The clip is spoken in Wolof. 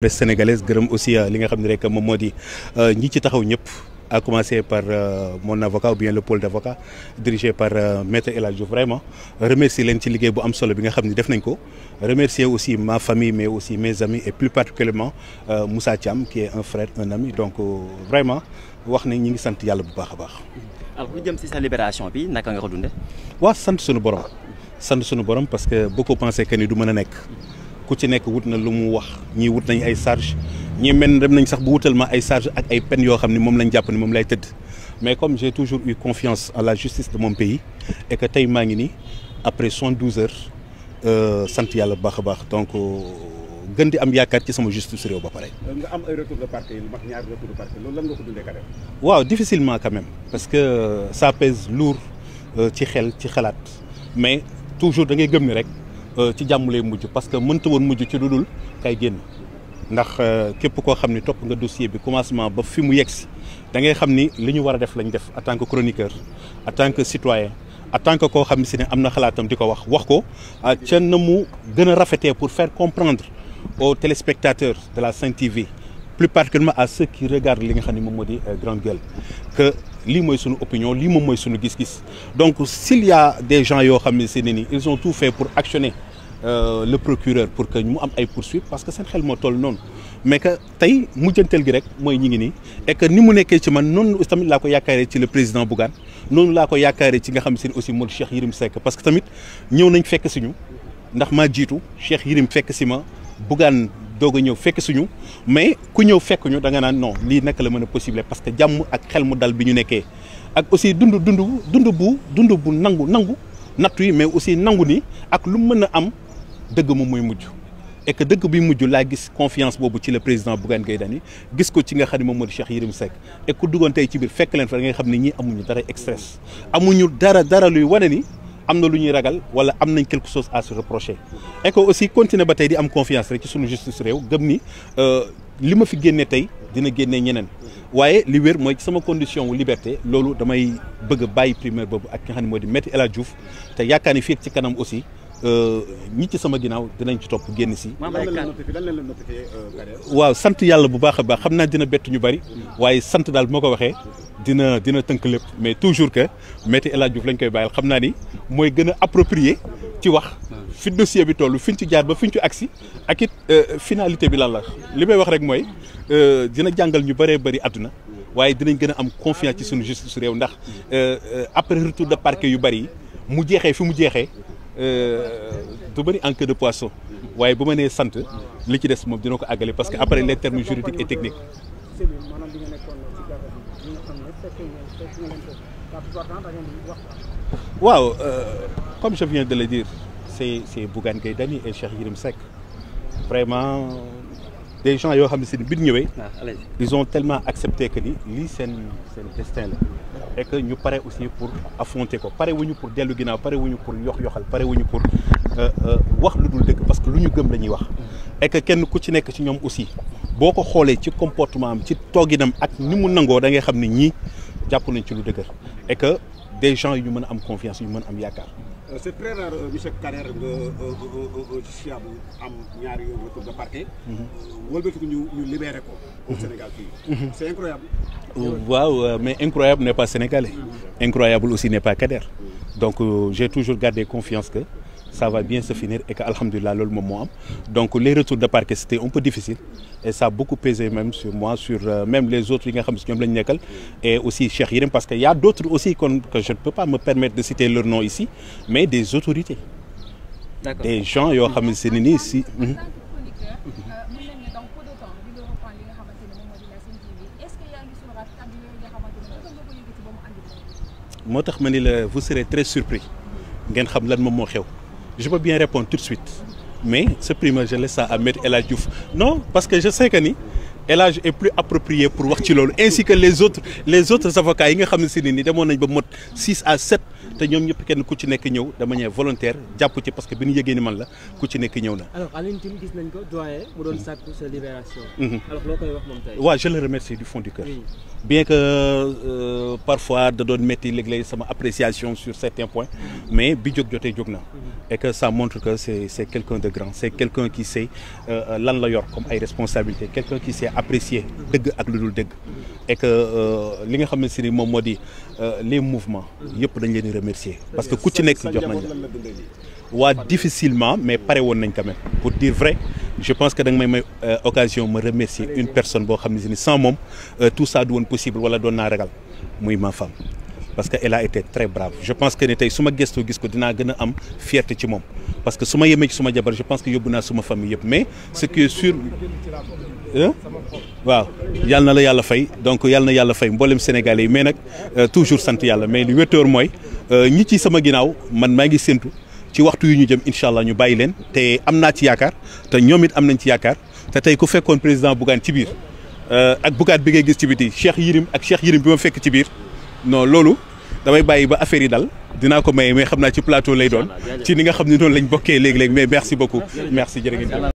presse sénégalaise gërëm aussi euh, li nga xam ne rek moom moo di euh, ñi ci taxaw ñëpp à commencer par euh, mon avocat ou bien le pôle d'avocat dirigé par maître El vraiment remercier leen ci liggéey bu am solo bi nga xam ni def nañ ko remercier aussi ma famille mais aussi mes amis et plus particulièrement Moussa Thiam qui est un frère un ami donc vraiment wax ne ñi ngi sant yàlla bu baax a baax. alors lu jëm ci sa libération bi naka nga ko dundee. waaw sant sunu borom sant sunu borom parce que beaucoup pensaient que ni du mën a nekk. ku ci nekk wut na lu mu wax ñii wut nañ ay charge ñii men dem nañ sax bu wutal ma ay charge ak ay peine yoo xam ne moom lañ jàpp ne moom lay tëdd mais comme j'ai toujours eu confiance en la justice de mon pays et tey maa ngi nii après 72 heures euh, sant yàlla bu baax a baax donc euh, gën di am yaakaar ci sama justice réew ba pare. Euh, nga am ay retour de parquet yu mag ñaari retour de parquet loolu lan nga ko dundee ka waaw difficilement quand même parce que ça pèse lourd ci xel ci xalaat mais toujours da ngay gëm rek. Euh, ci jàmm lay mujj parce que mënta woon mujj ci lu dul kay génn ndax euh, képp koo xam ni topp nga dossier bi commencement ba fi mu yegg si da ngay xam ni li ñu war a def lañ def en tant que chroniqueur en tant que citoyen en tant que koo xam si ne am na xalaatam di ko wax wax ko ah, ca na mu gën a rafetee pour faire comprendre aux téléspectateurs de la Sen TV plus particulièrement à ceux qui regardent li nga xam ne moom moo di euh, grande gueule que lii mooy suñu opinion lii moom mooy suñu gis-gis donc s'il y a des gens yoo xam ne si ne ni ils ont pour actionner Euh, le procureur pour que mu am ay poursuite parce que seen xel moo toll noonu mais que tey mujjanteel gi rek mooy ñi ngi nii et ni mu nekkee ci man noonu tamit laa ko yaakaaree ci le président Bougane noonu laa ko yaakaaree ci nga xam ne aussi mooy Cheikh Yirim Seck parce que tamit ñëw nañ fekk ñu ndax maa jiitu Cheikh Yirim fekk si ma Bougane doog a ñëw fekk ñu mais ku ñëw fekk ñu da nga naan non lii naka la mën a possible parce que jàmm ak xel mu dal bi ñu nekkee ak aussi dund dund dund bu dund bu nangu nangu nattu yi mais aussi nangu ni ak lu mën a am. dëgg moom mooy mujj et que dëgg bi mujj laa gis confiance boobu ci la président Bougane Gueye Dany gis ko ci nga xam ne moom moo di Cheikh Yérim Seck et ku duggoon tey ci biir fekk leen fa da ngay xam ne ñii amuñu dara stress amuñu dara dara luy wane ni am na lu ñuy ragal wala am nañ quelque chose à se reprocher et que aussi continuer ba tey di am confiance rek ci suñu justice réew gëm ni euh, li ma fi génne tey dina génne ñeneen waaye li wér mooy sama condition wu loolu damay bëgg bàyyi primaire boobu ak ki nga moo di Maître El Hadji Diouf te yaakaar ni fii ci kanam aussi Euh, ñi ci sama ginnaaw dinañ ci topp génn si. Euh, waaw sant yàlla bu baax a baax xam naa dina bett ñu bari. waaye sant daal moo ko waxee. dina dina tënk lépp mais toujours que Maître El Hadj Diouf lañ koy bàyyil xam naa ni mooy gën a approprié ci wax. fi dossier bi toll fi ñu ci jaar ba fi ñu ci agsi ak it euh, finalité bi lan la li may wax rek mooy dina jàngal ñu bëree bari àdduna. waaye dinañ gën a am confiance ci suñu justice réew ndax après retour de parquet yu bari mu jeexee fi mu jeexee. Euh, du bëri en queue de poisson waaye bu ma nee sant li ci des moom dina ko àggale parce que après les termes juridiques et techniques. waaw euh, comme je viens de le dire c'est c'est Bougane Gueye Dany et Cheikh Yérim Seck vraiment des gens yoo xam ne seen biir ñëwee. Ah, ils ont tellement accepté que ni lii seen seen destin la. et ñu pare aussi pour affronter ko pare ñu pour dellu ginnaaw pare wuñu pour yox yoxal pare ñu pour euh, euh, wax lu dul dëgg parce que lu ñu gëm la ñuy wax mm. et que kenn ku ci nekk ci ñoom aussi boo ko xoolee ci comportement am ci tooginam ak ni mu nangoo da ngay xam ne ñii jàpp nañ ci lu dëgër et que des gens yu ñu mën a am confiance yu mën a am yaakaar Euh, c'est très rare euh, monsieur Kader nga euh, siab am ñaari retour mhm. mhm. mhm. waaw mais incroyable n'est pas sénégalais incroyable aussi n'est pas Kader donc j'ai toujours gardé confiance que ça va bien se finir et que alhamdulilah loolu moom moo am donc les retours de parquet c'était un peu difficile et ça a beaucoup pesé même sur moi sur euh, même les autres yi nga xam si ñoom la ñu nekkal et aussi Cheikh Yérim parce que y aussi kon que je ne peux pas me permettre de mais des autorités des gens yoo xam ne nii si mhm. euh, moo tax ma ni la vous serez très surpris ngeen xam lan moom moo xew je peux bien répondre tout de suite mais ce primaire je laisse ça à maître El Hadj non parce que je sais que ni El Hadj est plus approprié pour wax ci loolu ainsi que les autres les autres avocats yi nga xam ne si ne ni demoon nañ ba mot 6 à 7 te ñoom ñëpp kenn ku ci nekk ñëw de manière volontaire jàpp ci parce que bi ñu yëgee ni man la ku ci nekk ñëw na. alors Alioune Tine gis nañ ko doyen mu doon sàkku mhm. je le remercie du fond du cœur. bien que euh, parfois da doon métti léeg sama appréciation sur certains points mais bi jóg jotee jóg na. Mhm. et que sa montre que c' est c' quelqu'un de grand c' quelqu'un qui sait euh, euh, lan la yor comme ay responsabilités quelqu'un qui sait apprécier dëgg ak lu dul dëgg. et que li nga xam ne si ni moom moo di les mouvements mhm. yëpp dañ leen remercier parce que ku ci nekk jox nañ la waa difficilement mais pare woon nañ quand même pour dire vrai je pense que da nga may may euh, occasion ma remercier une personne boo xam ne si ni sans moom euh, tout ça du woon possible wala doon naa ragal muy ma femme parce que elle a été très brave je pense que ne tey su ma gëstoo gis ko dinaa gën a am fierté ci moom parce que su ma yemee ci suma jabar je pense que yóbbu naa suma famille yëpp mais ce qui est waaw yàlla na la yàlla fay donc yàlla na yàlla fay mboolem Sénégalais yi mais nag euh, toujours sant yàlla li wétoor mooy Euh, ñi ci sama ginnaaw man maa ngi séntu ci waxtu yu ñu jëm incha allah ñu bàyyi leen te am naa ci yaakaar te ñoom it am nañ ci yaakaar te tey ku fekkoon président Bougane ci biir euh, ak Bougane bi ngay gis ci biti Cheikh Yirim ak Cheikh Yirim bi ma fekk ci biir non loolu damay bàyyi ba affaire yi dal dinaa ko maye mais xam naa ci plateau lay doon ci ni nga xam ne noonu lañ bokkee léegi-léegi mais merci beaucoup merci jërë ngeen